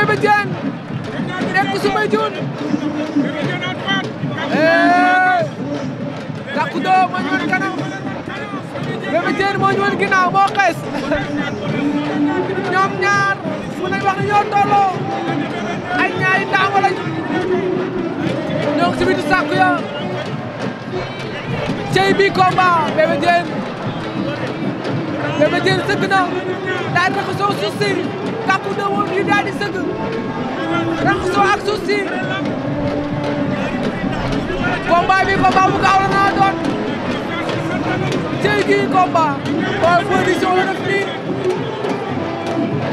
Bébé Diène nekk Soumbédioune Takou Do moo ñu woon kanam Bébé Diène moo ñu woon ginnaaw moo xees ñoom ñaar mën nañu wax ne ñoo tolloo ay ñaari ndaama lañu ñoo ngi si biir sàkku ya cey bi combat Bébé Diène Bébé Diène sëgg na daal di ko soo suuf si kàkku de woon ñu daal di sëgg raxasoo ak suuf si combat bi combat bu gaaw la naa doon cey kii combat Baol Production wala fii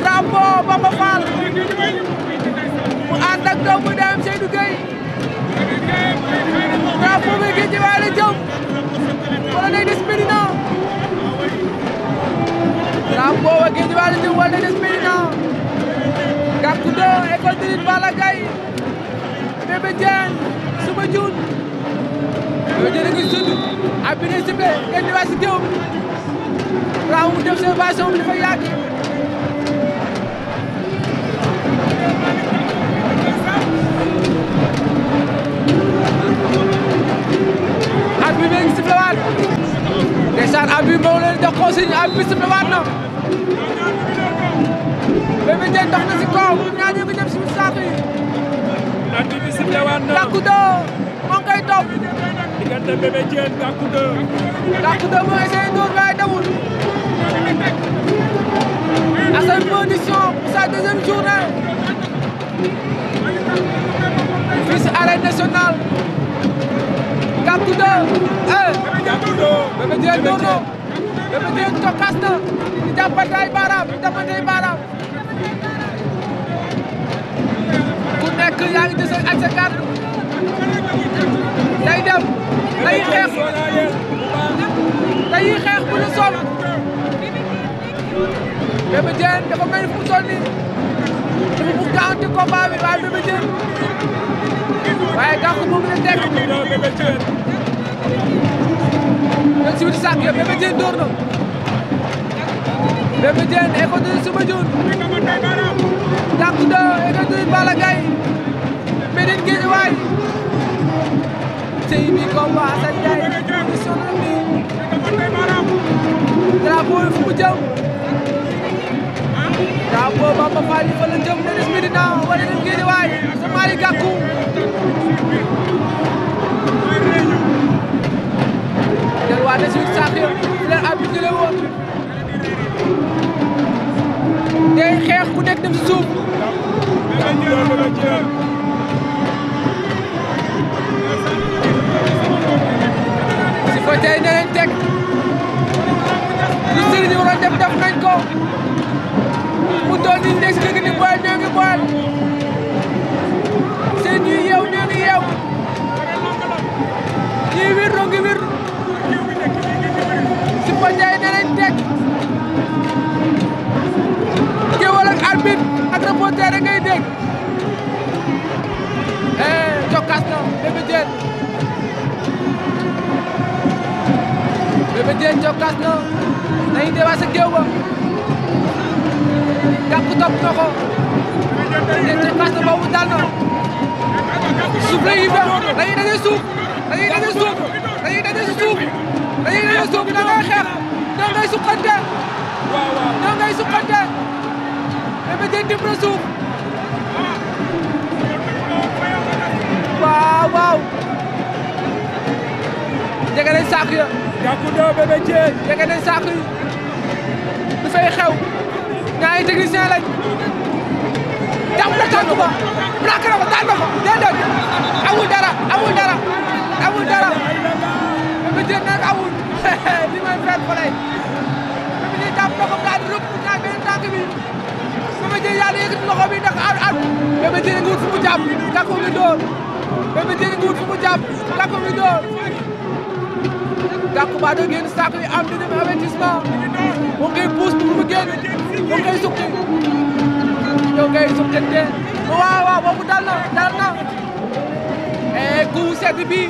drapeau Bamba Fall mu ànd ak doomu daam Seydou Gueye drapeau bi géej gi waa la jëm wala day des Médina drapeau wa géej gi waa la jëm wala day des Médina Garkudo école de lutte Balla Gaye Bébé Diène Souba Dioune Bébé Diène ngi sud ab bi ne sible ngeen di waay si géew bi raw mu def observation bi dafa yàgg ab bi ngi sible waat ndeysaan ab bi moo leen jox consigne ab bi sible waat na Ndiaye Ndiaye si kaw ñoom ñaar ñoo ngi dem si saako yi. Gàkkudo moo ngi koy topp. diggante Bébé Diène Gàkkudo. Gàkkudo moo essayé dóor waaye demul. Assane Production pour sa deuxième journée. fii si arène nationale. Gàkkudo. Eh. Bébé Diène dóor na. Bébé Diène tokkas na. di jàppante ay baaraam di jàppante ay baaraam. ku nekk yaa ngi des ak sa kàddu day dem day xeex day xeex bu ñu sonn Bébé Diène dafa mel ni fu mu toll nii dafa bëgg a anti combat bi waaye Bébé Diène waaye gàkku bu mu la teg da si wut sàkk Bébé Diène door na Bébé Diène Eco 12 Soumbédioune Takku Dóor Eco 12 Balla Gaye Médine Guédiawaye tey bi combat Assane Ndiaye di sonal bi drapeau yi fu mu jëm drapeau Bamba Fall fa la jëm Médine Médina wala Médine Guédiawaye sa Mali Gakou delluwaat na si teg si suuf. si fa tey yi waroon def def nañ ko mu si fa tey ne leen seen jokkaas na dañuy déwaat sa géew ba jàpp topp na ko seen jokkaas na boobu dal na suuf la ñuy ba dañuy daje suuf dañuy daje suuf dañuy daje suuf dañuy daje suuf da ngay xeex da ngay suqante da ngay suqante Bébé Diène tibb na suuf waaw waaw Diakounda Bébé Diène. jege nañ saako yi du fay xew ñaari technicien lañ jàpp na tànk ba plaqué na ko daan na ko déedéet amul dara amul dara amul dara Bébé Diène nag amul li may fekk fa lay Bébé Diène jàpp na ko daal di rëbb naa benn tànk bi Bébé Diène yàlla yëkkati loxo bi ndax at at Bébé Diène nga door Bébé Diène nga wut fu mu jàpp door. sàkku ba doo génn sàkku bi am di dem avertissement mu ngay puus pour mu génn mu ngay sukk yow ngay sukk te waaw waaw boobu dal na dal na et eh, ku sedd bi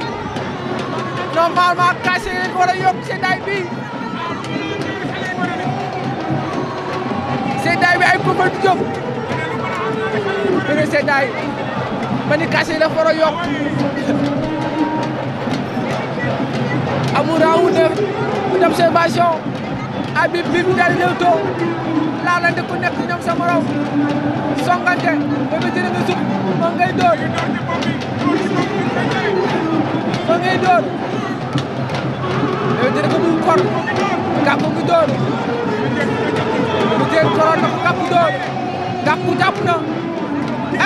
normalement caché leen war a yokk seddaay bi seddaay bi ay pëfal du jóg beneen seddaay ma ni caché la war a yokk amul round d'observation abi bi bi daal di ñëw too laalante ku nekk ñoom sa morom songante Bébé Diène nga sub ma ngay door ma ngay door Bébé Diène ko kor gàpp ngi door Bébé Diène koroon na ko gàpp door gàpp jàpp na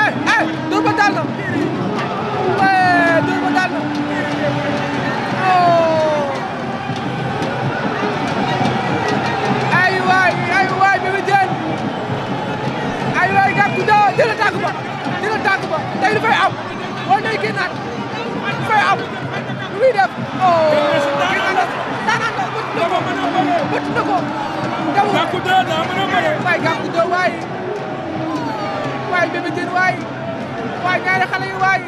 eh eh door ba daal na eh door ba daal na oh. dina tàgg ba tey dafay am wala day génnaat dafay am lu muy def. Oh, daanaka bëtt na ko demul gàkku dër daa mën a bëre waay gàkku dër waay waay Bébé Diène waay waay ñaari xale yi waay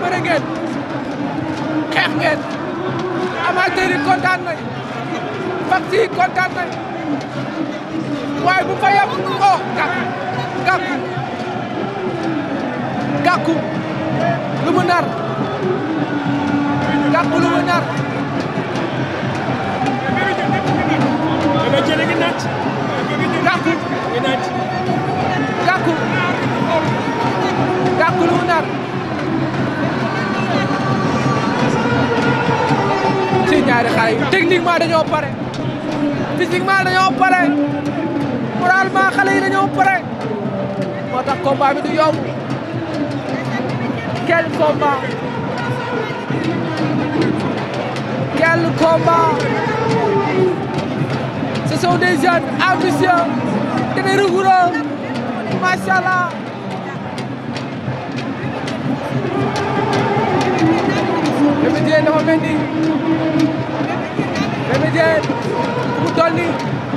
bëre ngeen xeex ngeen amateur yi kontaan nañ parti yi kontaan nañ waaye bu fa yem oh gàkku Gàkku Gàkku lu mu combat bi du yomb quel combat quel combat ce sont des jeunes ambitieux très rigoureux macha allah Bébé Diène dafa mel ni Bébé Diène mu toll nii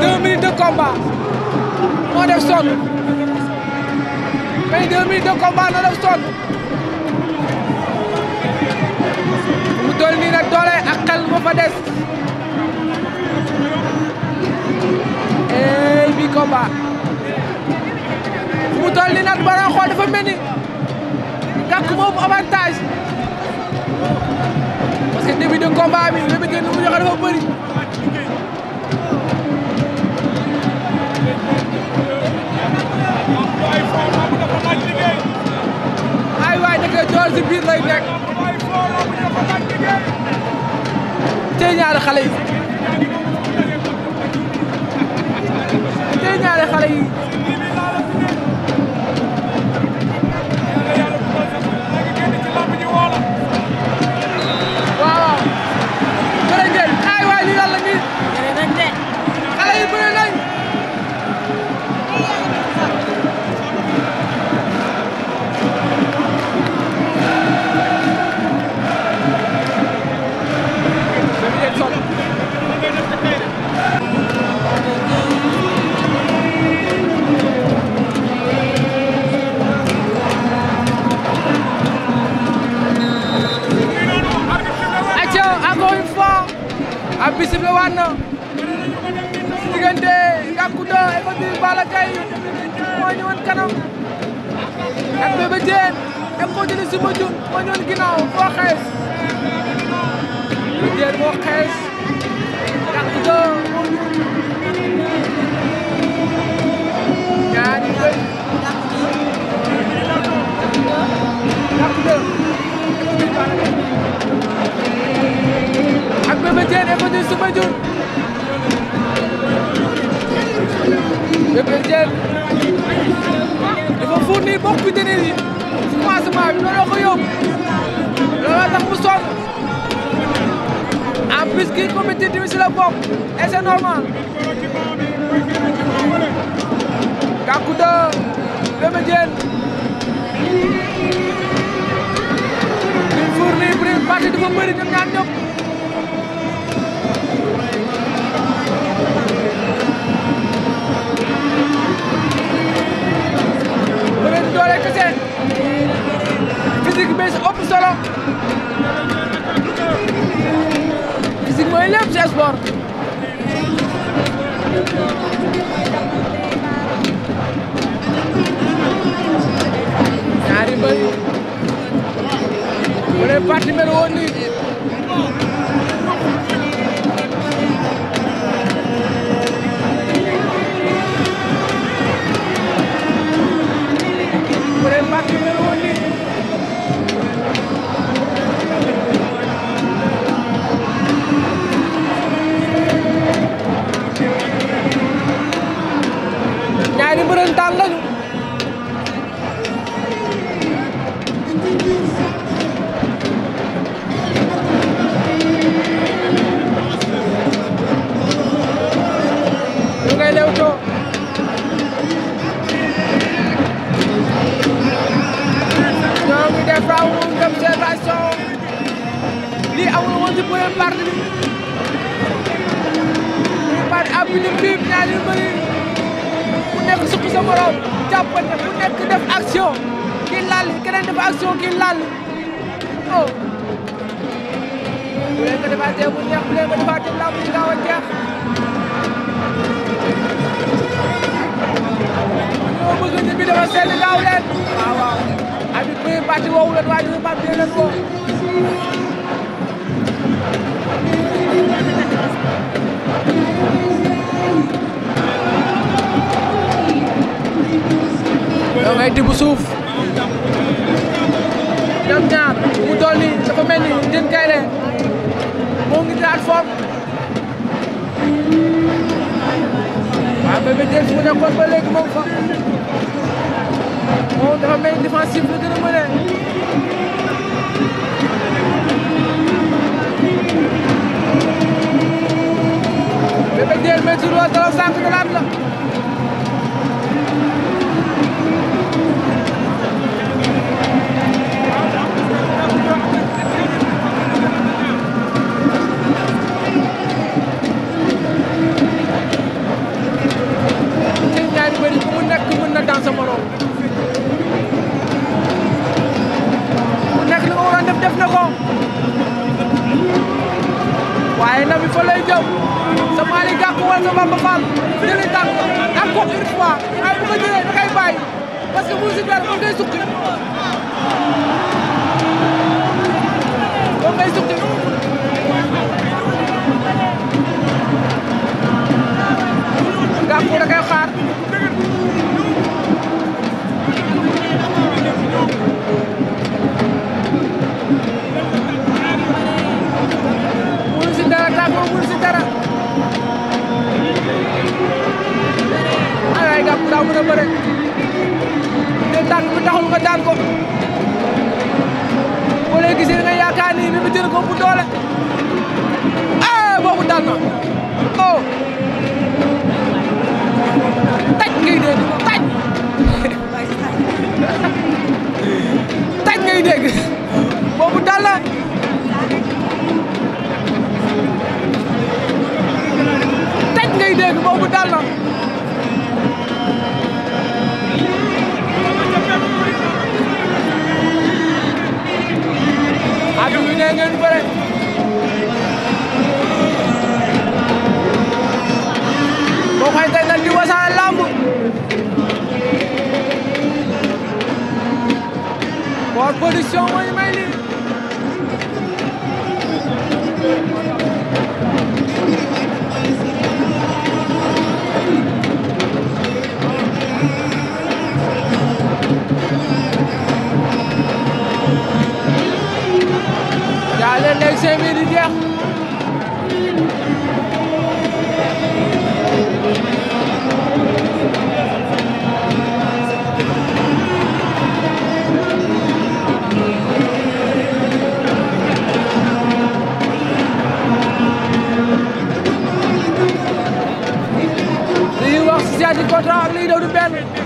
deux minutes de combat moo def sonn mais deux minutes de combat moo def sonn mu toll nii nag doole ak xel moo fa des ey bi mu toll nii nag baron xool dafa mel ni gàkk moom avantage parce que début de combat bi lépp de nu mu bëri. ay foo lamb dafa laaj liggéey. ay waay ndeke joor si biir lay nekk. ay foo lamb dafa laaj liggéey. tey ñaari xale yi. tey ñaari xale yi. ab bisib la waat na si diggante Gackou 2 Écurie Balla moo ñëwoon kanam ak Bébé Diène Écurie Sumba Jun moo moo xees Bébé Diène moo xees Gackou 2 moo ñuul ñaari bëri Gackou 2 Écurie Bébé Diène avenue Soumbédioune Bébé Diène dafa fournir bokk dënër yi commencement bi looloo ko yóbbu looloo tax mu sonn en plus kii comité tamit si la bokk et c'est normal Gackou 2 Bébé Diène il fournit prix parti dafa bëri ñoom ñaar la physique mooy lépp ci sport ñaari mbër yi bu dee parti mel woon nii bu dee parti bi di xiif ñaari mbër yi ku nekk suq sa morom jàppante ku nekk def action kii laal keneen def action kii laal oh. bu leen ko defaatee mu neex bu leen ko defaatee làmb ji gaaw a jeex. ñoo bëgg nit bi dafa seen gaaw leen waaw waaw amit muy parti woowu leen waaye ñu bàttee leen ko. ñoo ngay tibb suuf ñoom ñaar mu toll nii dafa mel ni Ndéne Kairé moo ngi daal forme waaw Bébé Diène fu mu nekkoon ba léegi moom fa moom dafa mel ni défensif la gën a mënee Bébé Diène mais toujours dara sànq ñu naan la. Boa posição aí, Meili. Allez, laissez-moi dire. everything.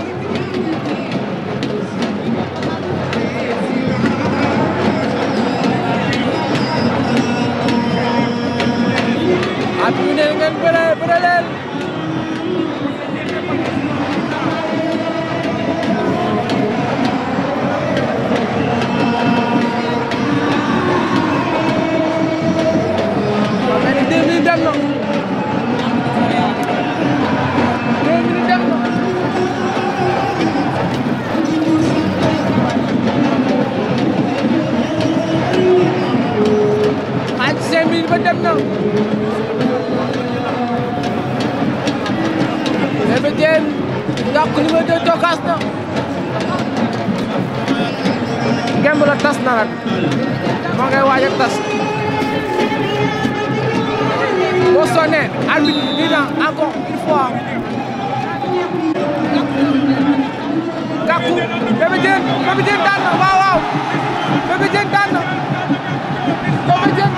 Bébé Diène daan na waaw waaw Bébé Diène daan na Bébé Diène